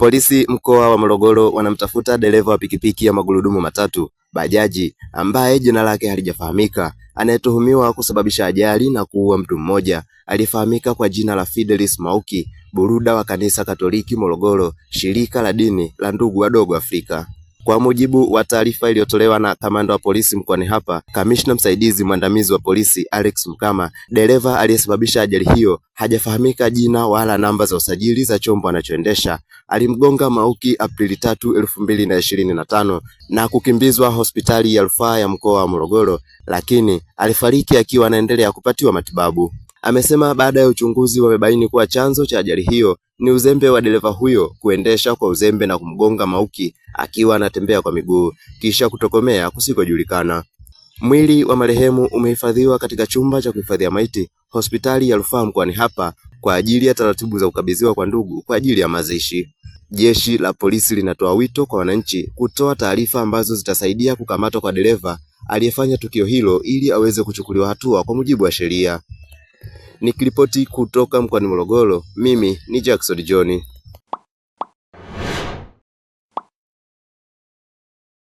Polisi mkoa wa Morogoro wanamtafuta dereva wa pikipiki ya magurudumu matatu bajaji ambaye jina lake halijafahamika anayetuhumiwa kusababisha ajali na kuua mtu mmoja aliyefahamika kwa jina la Fidelis Mauki Buruda wa kanisa Katoliki Morogoro, shirika la dini la Ndugu Wadogo Afrika. Kwa mujibu wa taarifa iliyotolewa na kamanda wa polisi mkoani hapa, kamishna msaidizi mwandamizi wa polisi Alex Mkama, dereva aliyesababisha ajali hiyo hajafahamika jina wala namba za usajili za chombo anachoendesha, alimgonga Mauki Aprili tatu elfu na na kukimbizwa hospitali ya rufaa ya mkoa wa Morogoro, lakini alifariki akiwa anaendelea kupatiwa matibabu. Amesema baada ya uchunguzi wamebaini kuwa chanzo cha ajali hiyo ni uzembe wa dereva huyo kuendesha kwa uzembe na kumgonga Mauki akiwa anatembea kwa miguu kisha kutokomea kusikojulikana. Mwili wa marehemu umehifadhiwa katika chumba cha kuhifadhia maiti hospitali ya rufaa mkoani hapa kwa ajili ya taratibu za kukabidhiwa kwa ndugu kwa ajili ya mazishi. Jeshi la polisi linatoa wito kwa wananchi kutoa taarifa ambazo zitasaidia kukamatwa kwa dereva aliyefanya tukio hilo ili aweze kuchukuliwa hatua kwa mujibu wa sheria. Nikiripoti kutoka mkoani Morogoro, mimi ni Jackson John.